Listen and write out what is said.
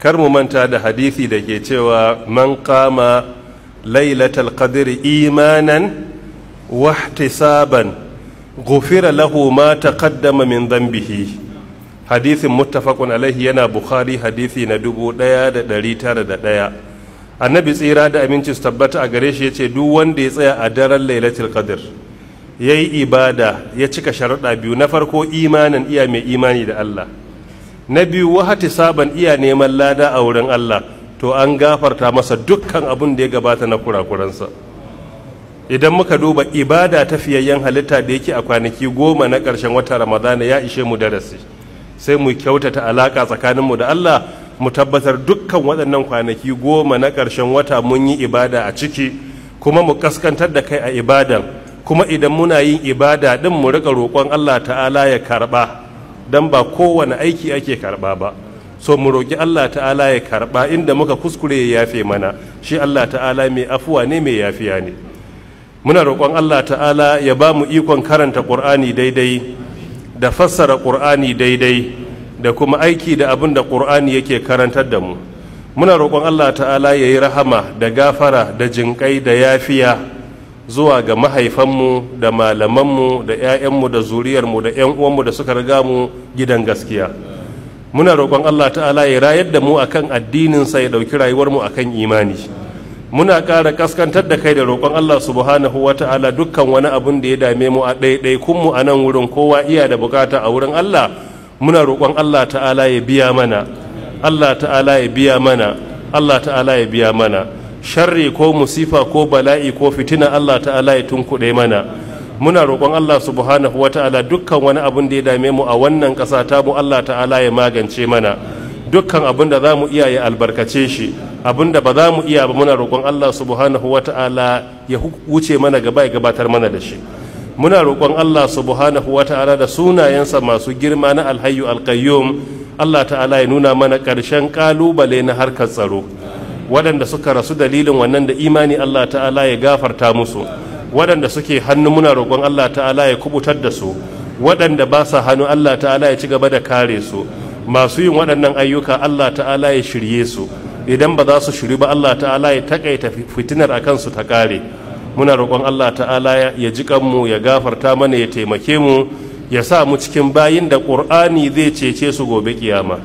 kar mu manta da hadisi da ke cewa man kama lailatul qadr imanan ihtisaban ghufira lahu ma taqaddama min dhanbihi hadisin muttafaqun alayhi yana bukhari hadisi na 1901 annabi tsira da aminci su tabbata a gare shi yace duk wanda ya tsaya a daren lailatul qadr yayi ibada ya cika sharuɗa biyu na farko imanan iya mai imani da Allah na biyu wahati saban iya neman lada a wurin Allah to an gafarta masa dukkan abin da ya gabata na kurakuransa idan muka duba ibada ta fiyayyen halitta da yake a kwanaki goma na ƙarshen wata ramadana ya ishe mu darasi sai mu kyautata alaƙa tsakaninmu da Allah mu tabbatar dukkan waɗannan kwanaki goma na ƙarshen wata mun yi ibada a ciki kuma mu ƙaskantar da kai a ibadan kuma idan muna yin ibada ɗin mu riƙa roƙon Allah ta'ala ya karɓa don ba kowane aiki ake karɓa ba so mu roƙi Allah ta'ala ya karɓa inda muka kuskure ya yafe mana shi Allah ta'ala mai afuwa ne mai yafiya ne muna roƙon Allah ta'ala ya ba mu ikon karanta ƙur'ani daidai da fassara ƙur'ani daidai da kuma aiki da abin da ƙur'ani yake karantar da mu muna roƙon Allah ta'ala ya yi rahama da gafara da jinƙai da yafiya zuwa ga mahaifanmu da malamanmu da 'ya'yanmu da zuriyarmu da 'yan uwanmu da suka riga mu gidan gaskiya muna roƙon Allah ta'ala ya rayar da mu akan addinin sa ya ɗauki rayuwarmu akan imani muna ƙara ƙaskantar da kai da roƙon Allah subhanahu wa ta'ala dukkan wani abun da ya dame mu a ɗaiɗai mu a nan wurin kowa iya da bukata a wurin Allah muna roƙon Allah ta'ala ya biya mana Allah ta'ala ya biya mana Allah ta'ala ya biya mana sharri ko musifa ko bala'i ko fitina Allah ta'ala ya tunkuɗe mana muna roƙon Allah subhanahu wa ta'ala dukkan wani abin da ya dame mu a wannan ƙasa ta mu Allah ta'ala ya magance mana dukkan abin da za mu iya ya albarkace shi abin da ba za mu iya ba muna roƙon Allah subhanahu wa ta'ala ya wuce mana gaba ya gabatar mana da shi muna roƙon Allah subhanahu wa ta'ala da sunayensa masu girma na alhayyu alqayyum Allah ta'ala ya nuna mana ƙarshen ƙalubale na harkar tsaro waɗanda suka rasu dalilin wannan da imani Allah ta'ala ya gafarta musu waɗanda suke hannu muna roƙon Allah ta'ala ya kubutar da su waɗanda ba sa hannu Allah ta'ala ya ci gaba da kare su masu yin waɗannan ayyuka Allah ta'ala ya shirye su idan ba za su shiri ba Allah ta'ala ya takaita fitinar akan su ta kare muna roƙon Allah ta'ala ya ji mu ya gafarta mana ya taimake mu ya sa mu cikin bayin da ƙur'ani zai cece su gobe kiyama